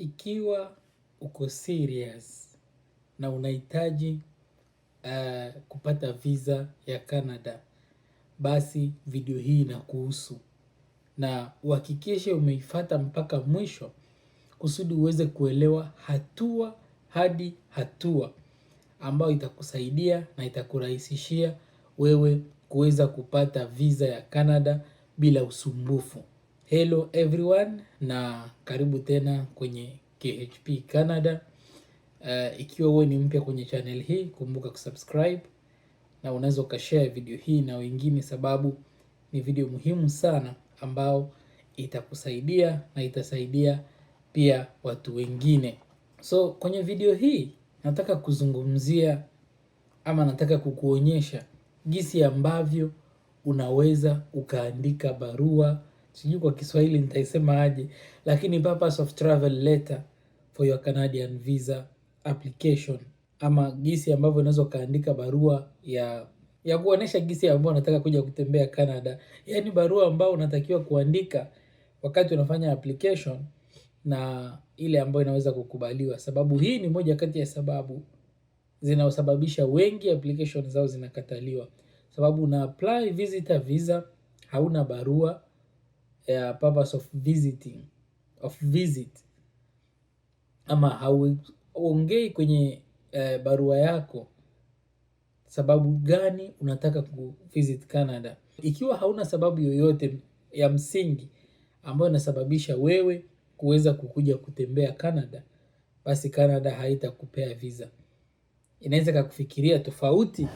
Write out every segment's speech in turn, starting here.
Ikiwa uko serious na unahitaji uh, kupata visa ya Canada, basi video hii inakuhusu, na uhakikishe umeifuata mpaka mwisho kusudi uweze kuelewa hatua hadi hatua ambayo itakusaidia na itakurahisishia wewe kuweza kupata visa ya Canada bila usumbufu. Hello everyone na karibu tena kwenye KHP Canada. Uh, ikiwa wewe ni mpya kwenye channel hii, kumbuka kusubscribe na unaweza ukashare video hii na wengine, sababu ni video muhimu sana ambao itakusaidia na itasaidia pia watu wengine. So kwenye video hii nataka kuzungumzia ama nataka kukuonyesha jinsi ambavyo unaweza ukaandika barua sijui kwa Kiswahili nitaisema aje, lakini purpose of travel letter for your Canadian visa application, ama gisi ambavyo unaweza ukaandika barua ya ya kuonesha gisi ambao unataka kuja kutembea Canada, yaani barua ambao unatakiwa kuandika wakati unafanya application na ile ambayo inaweza kukubaliwa. Sababu hii ni moja kati ya sababu zinaosababisha wengi application zao zinakataliwa, sababu una apply visitor visa, hauna barua ya uh, purpose of visiting of visit, ama hauongei kwenye eh, barua yako sababu gani unataka visit Canada. Ikiwa hauna sababu yoyote ya msingi ambayo inasababisha wewe kuweza kukuja kutembea Canada, basi Canada haitakupea visa. Inaweza ikakufikiria tofauti,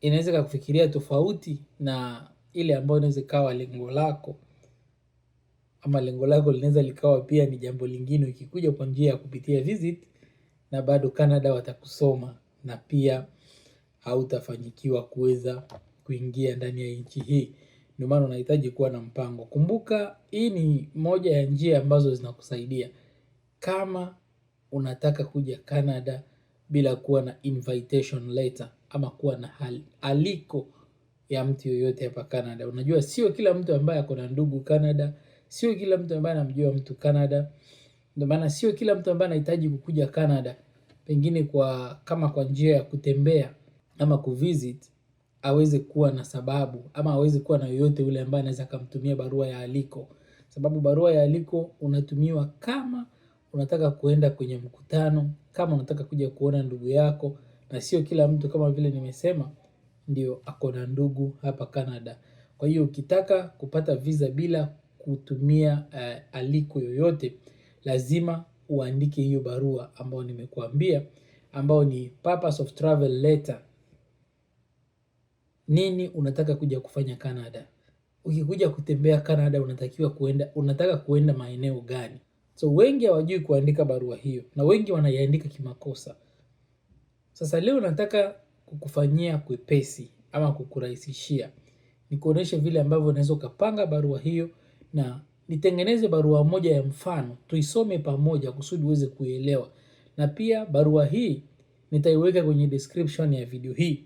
inaweza kakufikiria tofauti na ile ambayo inaweza ikawa lengo lako ama lengo lako linaweza likawa pia ni jambo lingine, ukikuja kwa njia ya kupitia visit, na bado Canada watakusoma na pia hautafanikiwa kuweza kuingia ndani ya nchi hii. Ndio maana unahitaji kuwa na mpango. Kumbuka, hii ni moja ya njia ambazo zinakusaidia kama unataka kuja Canada bila kuwa na invitation letter ama kuwa na hal aliko ya mtu yoyote hapa Canada. Unajua sio kila mtu ambaye ako na ndugu Canada Sio kila mtu ambaye anamjua mtu Canada. Ndio maana sio kila mtu ambaye anahitaji kukuja Canada, pengine kwa kama kwa njia ya kutembea ama kuvisit, aweze kuwa na sababu ama aweze kuwa na yoyote yule ambaye anaweza akamtumia barua ya aliko, sababu barua ya aliko unatumiwa kama unataka kuenda kwenye mkutano, kama unataka kuja kuona ndugu yako, na sio kila mtu kama vile nimesema ndio ako na ndugu hapa Canada. Kwa hiyo ukitaka kupata visa bila kutumia uh, aliko yoyote, lazima uandike hiyo barua ambayo nimekuambia, ambayo ni purpose of travel letter. Nini unataka kuja kufanya Canada? Ukikuja kutembea Canada unatakiwa kuenda, unataka kuenda maeneo gani? So wengi hawajui kuandika barua hiyo na wengi wanaiandika kimakosa. Sasa leo nataka kukufanyia kwepesi ama kukurahisishia, nikuonyeshe vile ambavyo unaweza ukapanga barua hiyo na nitengeneze barua moja ya mfano tuisome pamoja kusudi uweze kuielewa, na pia barua hii nitaiweka kwenye description ya video hii,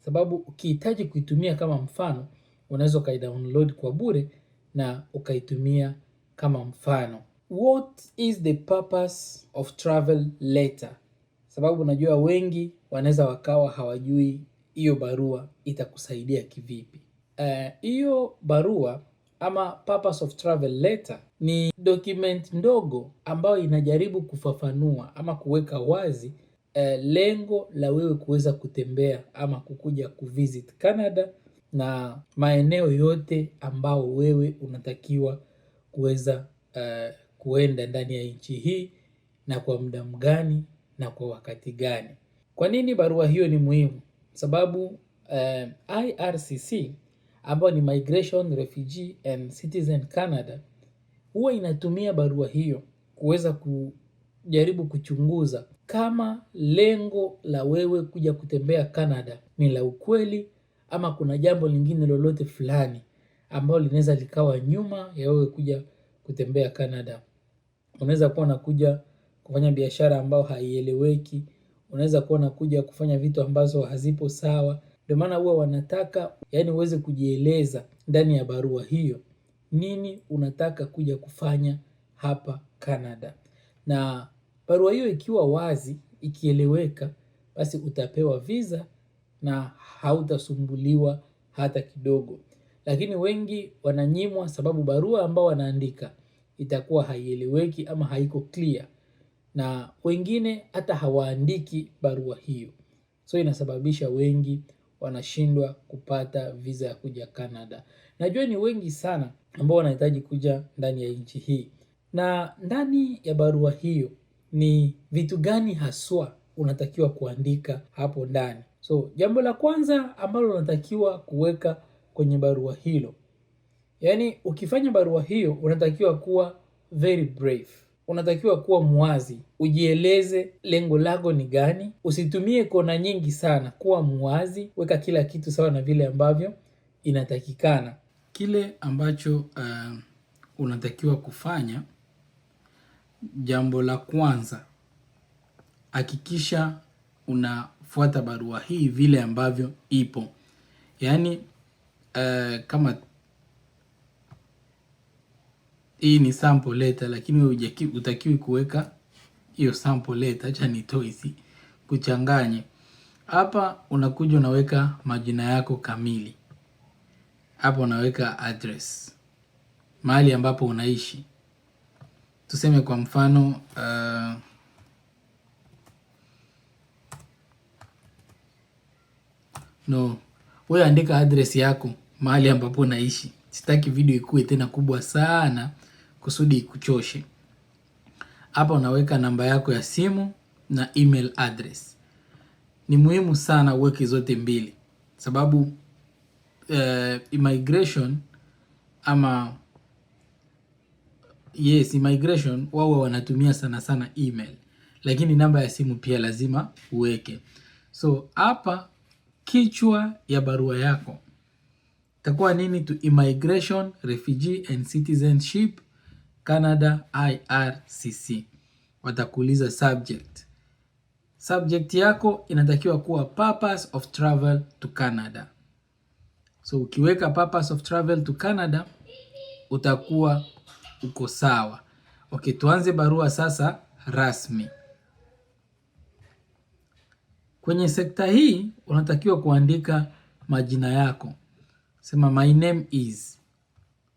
sababu ukihitaji kuitumia kama mfano unaweza ukaidownload kwa bure na ukaitumia kama mfano. What is the purpose of travel letter? Sababu unajua wengi wanaweza wakawa hawajui hiyo barua itakusaidia kivipi. Eh, hiyo uh, barua ama purpose of travel letter ni document ndogo ambayo inajaribu kufafanua ama kuweka wazi eh, lengo la wewe kuweza kutembea ama kukuja kuvisit Canada na maeneo yote ambao wewe unatakiwa kuweza eh, kuenda ndani ya nchi hii na kwa muda mgani na kwa wakati gani. Kwa nini barua hiyo ni muhimu? Sababu eh, IRCC ambayo ni Migration, Refugee and Citizen Canada, huwa inatumia barua hiyo kuweza kujaribu kuchunguza kama lengo la wewe kuja kutembea Canada ni la ukweli ama kuna jambo lingine lolote fulani ambalo linaweza likawa nyuma ya wewe kuja kutembea Canada. Unaweza kuwa unakuja kufanya biashara ambayo haieleweki, unaweza kuwa unakuja kufanya vitu ambazo hazipo sawa, ndio maana huwa wanataka yani uweze kujieleza ndani ya barua hiyo, nini unataka kuja kufanya hapa Canada. Na barua hiyo ikiwa wazi, ikieleweka, basi utapewa visa na hautasumbuliwa hata kidogo. Lakini wengi wananyimwa sababu barua ambao wanaandika itakuwa haieleweki ama haiko clear, na wengine hata hawaandiki barua hiyo, so inasababisha wengi wanashindwa kupata visa ya kuja Canada. Najua ni wengi sana ambao wanahitaji kuja ndani ya nchi hii, na ndani ya barua hiyo ni vitu gani haswa unatakiwa kuandika hapo ndani? So jambo la kwanza ambalo unatakiwa kuweka kwenye barua hilo, yaani ukifanya barua hiyo unatakiwa kuwa very brave unatakiwa kuwa muwazi, ujieleze lengo lako ni gani, usitumie kona nyingi sana. Kuwa muwazi, weka kila kitu sawa na vile ambavyo inatakikana. Kile ambacho uh, unatakiwa kufanya, jambo la kwanza, hakikisha unafuata barua hii vile ambavyo ipo, yaani uh, kama hii ni sample letter, lakini wewe utakiwi kuweka hiyo sample letter. Acha nitoe hizi kuchanganye hapa. Unakuja unaweka majina yako kamili hapa, unaweka address, mahali ambapo unaishi. Tuseme kwa mfano uh, no wewe andika address yako mahali ambapo unaishi. Sitaki video ikuwe tena kubwa sana kusudi ikuchoshe. Hapa unaweka namba yako ya simu na email address. Ni muhimu sana uweke zote mbili, sababu eh, immigration ama yes, immigration wao wanatumia sana sana email, lakini namba ya simu pia lazima uweke. So hapa kichwa ya barua yako itakuwa nini? To immigration refugee and citizenship Canada IRCC. Watakuuliza subject. Subject yako inatakiwa kuwa purpose of travel to Canada. So ukiweka purpose of travel to Canada utakuwa uko sawa. Okay, tuanze barua sasa rasmi. Kwenye sekta hii unatakiwa kuandika majina yako. Sema my name is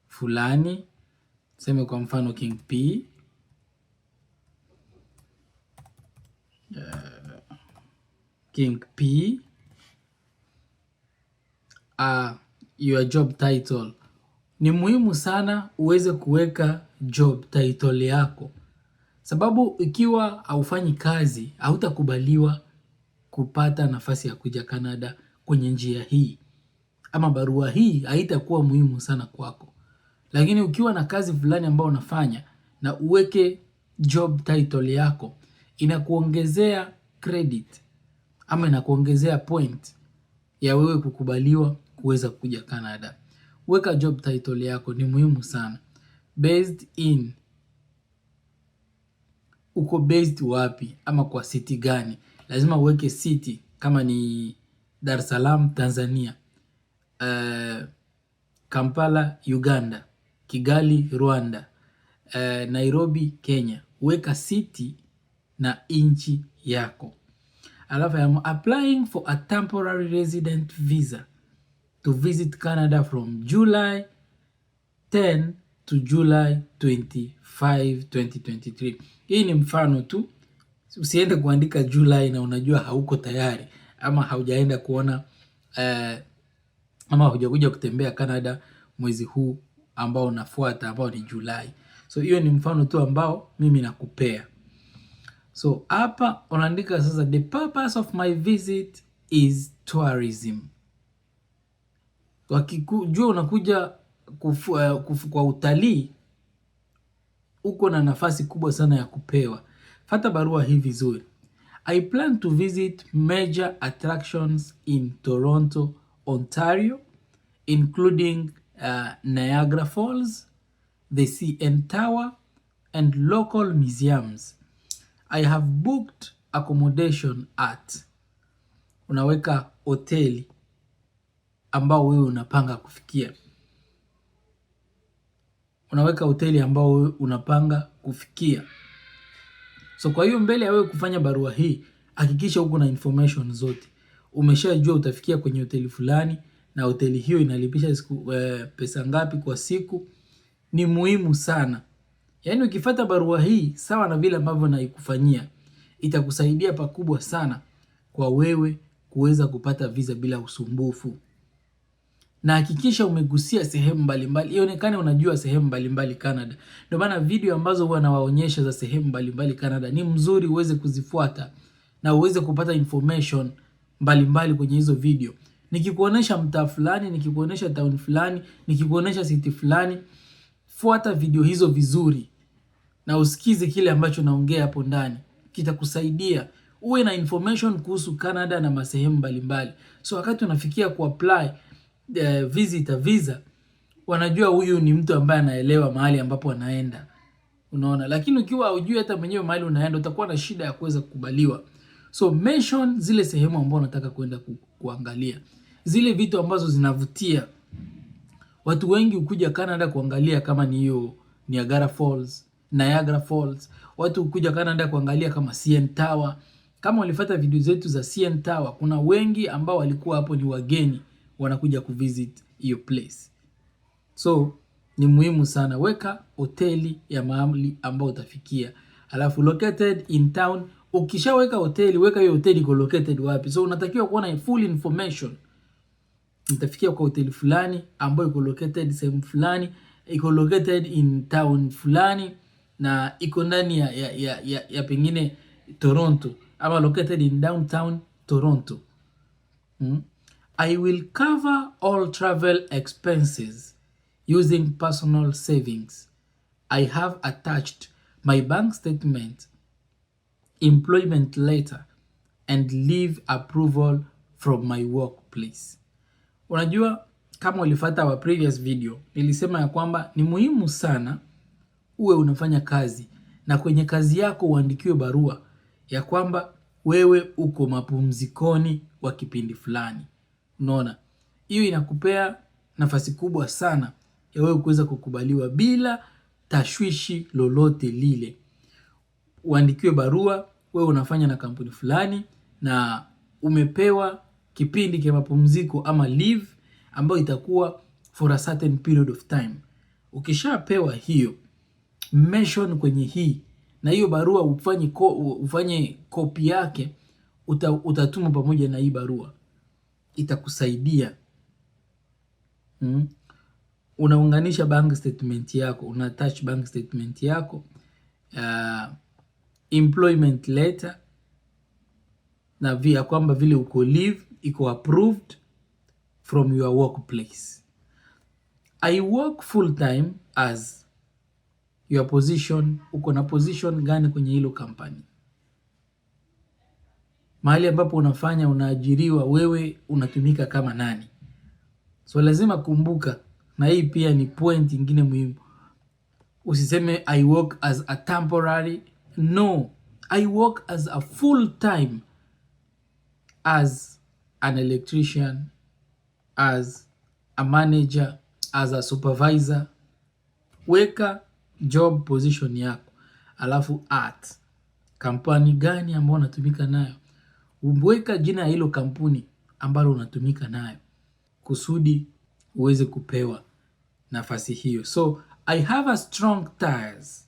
fulani Tuseme kwa mfano King P uh, King P uh, your job title. Ni muhimu sana uweze kuweka job title yako, sababu ikiwa haufanyi kazi hautakubaliwa kupata nafasi ya kuja Canada kwenye njia hii ama barua hii haitakuwa muhimu sana kwako. Lakini ukiwa na kazi fulani ambayo unafanya na uweke job title yako, inakuongezea credit ama inakuongezea point ya wewe kukubaliwa kuweza kuja Canada. Weka job title yako ni muhimu sana. Based in uko based wapi ama kwa city gani? Lazima uweke city kama ni Dar es Salaam Tanzania, uh, Kampala Uganda. Kigali, Rwanda, eh, Nairobi, Kenya. Weka city na nchi yako. Alafu I'm applying for a temporary resident visa to visit Canada from July 10 to July 25, 2023. Hii ni mfano tu. Usiende kuandika July na unajua hauko tayari ama haujaenda kuona uh, ama hujakuja kutembea Canada mwezi huu ambao unafuata ambao ni Julai. So hiyo ni mfano tu ambao mimi nakupea. So hapa unaandika sasa, the purpose of my visit is tourism. Wakijua unakuja kufu, uh, kufu, kwa utalii, uko na nafasi kubwa sana ya kupewa. Fata barua hii vizuri. I plan to visit major attractions in Toronto, Ontario, including Uh, Niagara Falls, the CN Tower, and local museums. I have booked accommodation at. Unaweka hoteli ambao wewe unapanga kufikia, unaweka hoteli ambao wewe unapanga kufikia. So kwa hiyo mbele ya wewe kufanya barua hii, hakikisha uko na information zote. Umeshajua utafikia kwenye hoteli fulani na hoteli hiyo inalipisha siku, e, pesa ngapi kwa siku ni muhimu sana. Yaani ukifata barua hii sawa na vile ambavyo naikufanyia itakusaidia pakubwa sana kwa wewe kuweza kupata visa bila usumbufu. Na hakikisha umegusia sehemu mbalimbali, ionekane unajua sehemu mbalimbali Canada. Ndio maana video ambazo huwa nawaonyesha za sehemu mbalimbali Canada ni mzuri uweze kuzifuata na uweze kupata information mbalimbali mbali kwenye hizo video. Nikikuonesha mtaa fulani, nikikuonesha town fulani, nikikuonesha city fulani, fuata video hizo vizuri na usikize kile ambacho naongea hapo ndani. Kitakusaidia uwe na information kuhusu Canada na masehemu mbalimbali. So wakati unafikia ku apply uh, eh, visitor visa, wanajua huyu ni mtu ambaye anaelewa mahali ambapo anaenda. Unaona, lakini ukiwa hujui hata mwenyewe mahali unaenda utakuwa na shida ya kuweza kukubaliwa. So mention zile sehemu ambazo unataka kwenda ku, kuangalia zile vitu ambazo zinavutia watu wengi hukuja Canada kuangalia kama ni hiyo Niagara Falls, Niagara Falls. Watu hukuja Canada kuangalia kama CN Tower. Kama walifata video zetu za CN Tower, kuna wengi ambao walikuwa hapo ni wageni wanakuja kuvisit hiyo place. So ni muhimu sana, weka hoteli ya mahali ambao utafikia, alafu located in town. Ukishaweka hoteli, weka hiyo hoteli iko located wapi. So unatakiwa kuwa na full information mtafikia kwa hoteli fulani ambayo iko located sehemu fulani, iko located in town fulani na iko ndani ya, ya, ya, ya, ya pengine Toronto ama located in downtown Toronto. Hmm? I will cover all travel expenses using personal savings. I have attached my bank statement, employment letter, and leave approval from my workplace. Unajua, kama ulifuata wa previous video, nilisema ya kwamba ni muhimu sana uwe unafanya kazi na kwenye kazi yako uandikiwe barua ya kwamba wewe uko mapumzikoni wa kipindi fulani. Unaona, hiyo inakupea nafasi kubwa sana ya wewe kuweza kukubaliwa bila tashwishi lolote lile. Uandikiwe barua wewe unafanya na kampuni fulani na umepewa kipindi cha mapumziko ama leave ambayo itakuwa for a certain period of time. Ukishapewa hiyo mention kwenye hii na hiyo barua ufanye ko, ufanye kopi yake uta, utatuma pamoja na hii barua itakusaidia. Hmm. Unaunganisha bank statement yako, una attach bank statement yako uh, employment letter na via kwamba vile uko leave iko approved from your workplace. I work full time as your position. Uko na position gani kwenye hilo kampani? Mahali ambapo unafanya unaajiriwa, wewe unatumika kama nani? So lazima kumbuka, na hii pia ni point nyingine muhimu. Usiseme I work as a temporary. No, I work as a full time as an electrician, as a manager, as a supervisor. Weka job position yako, alafu at kampani gani ambayo unatumika nayo. Weka jina ya hilo kampuni ambalo unatumika nayo kusudi uweze kupewa nafasi hiyo. So I have a strong ties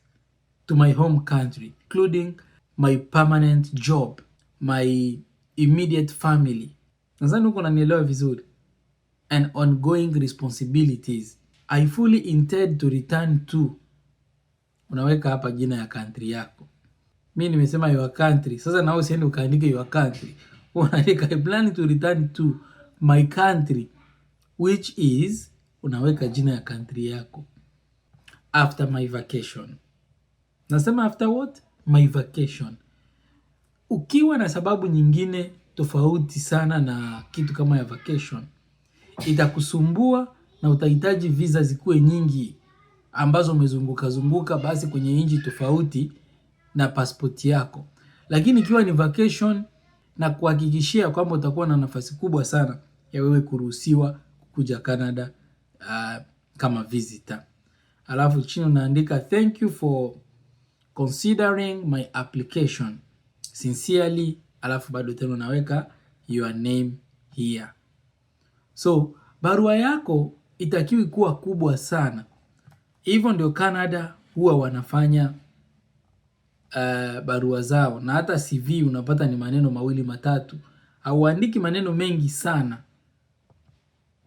to my home country including my permanent job, my immediate family Nadhani huko nanielewa vizuri. And ongoing responsibilities I fully intend to return to. Unaweka hapa jina ya country yako. Mi nimesema your country. Sasa nawe usiende ukaandike your country. Unaandika I plan to return to my country which is unaweka jina ya country yako. After my vacation. Nasema after what? My vacation. Ukiwa na sababu nyingine tofauti sana na kitu kama ya vacation. Itakusumbua na utahitaji visa zikuwe nyingi ambazo umezunguka zunguka basi kwenye nchi tofauti na pasipoti yako. Lakini ikiwa ni vacation na kuhakikishia kwamba utakuwa na nafasi kubwa sana ya wewe kuruhusiwa kuja Canada uh, kama visitor. Alafu chini unaandika thank you for considering my application. Sincerely alafu bado tena unaweka your name here. So barua yako itakiwi kuwa kubwa sana. Hivyo ndio Canada huwa wanafanya uh, barua zao, na hata CV unapata ni maneno mawili matatu. Hauandiki maneno mengi sana,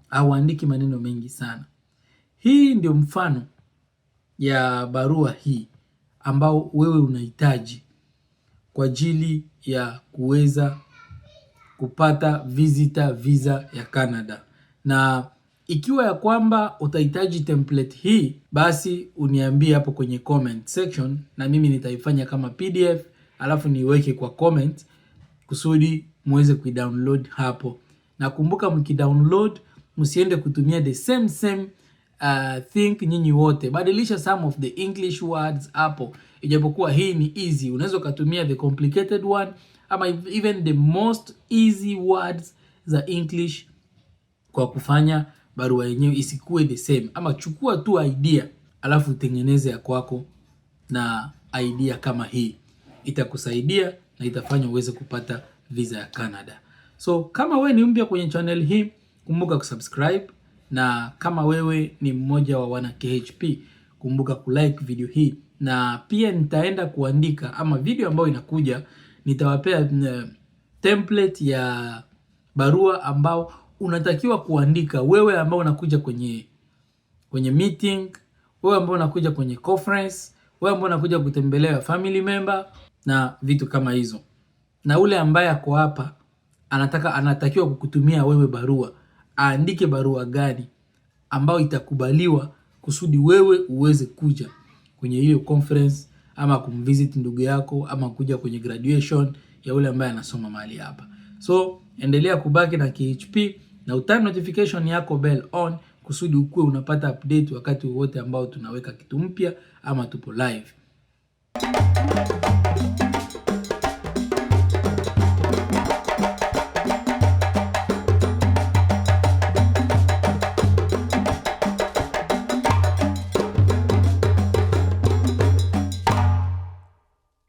hauandiki maneno mengi sana. Hii ndio mfano ya barua hii ambao wewe unahitaji kwa ajili ya kuweza kupata visitor visa ya Canada, na ikiwa ya kwamba utahitaji template hii, basi uniambie hapo kwenye comment section, na mimi nitaifanya kama PDF alafu niweke kwa comment kusudi muweze kuidownload hapo, na kumbuka mkidownload msiende kutumia the same same uh, think nyinyi wote badilisha some of the English words hapo, ijapokuwa hii ni easy, unaweza ukatumia the complicated one ama even the most easy words za English kwa kufanya barua yenyewe isikue the same, ama chukua tu idea alafu utengeneze ya kwako na idea kama hii itakusaidia na itafanya uweze kupata visa ya Canada. So kama we ni mpya kwenye channel hii, kumbuka kusubscribe na kama wewe ni mmoja wa wana KHP, kumbuka kulike video hii, na pia nitaenda kuandika ama video ambayo inakuja nitawapea uh, template ya barua ambao unatakiwa kuandika wewe ambao unakuja kwenye kwenye meeting, wewe ambao unakuja kwenye conference, wewe ambao unakuja kutembelea family member na vitu kama hizo, na ule ambaye ako hapa anataka anatakiwa kukutumia wewe barua aandike barua gani ambayo itakubaliwa kusudi wewe uweze kuja kwenye hiyo conference ama kumvisit ndugu yako ama kuja kwenye graduation ya yule ambaye anasoma mahali hapa. So endelea kubaki na KHP na utime notification yako bell on kusudi ukuwe unapata update wakati wowote ambao tunaweka kitu mpya ama tupo live.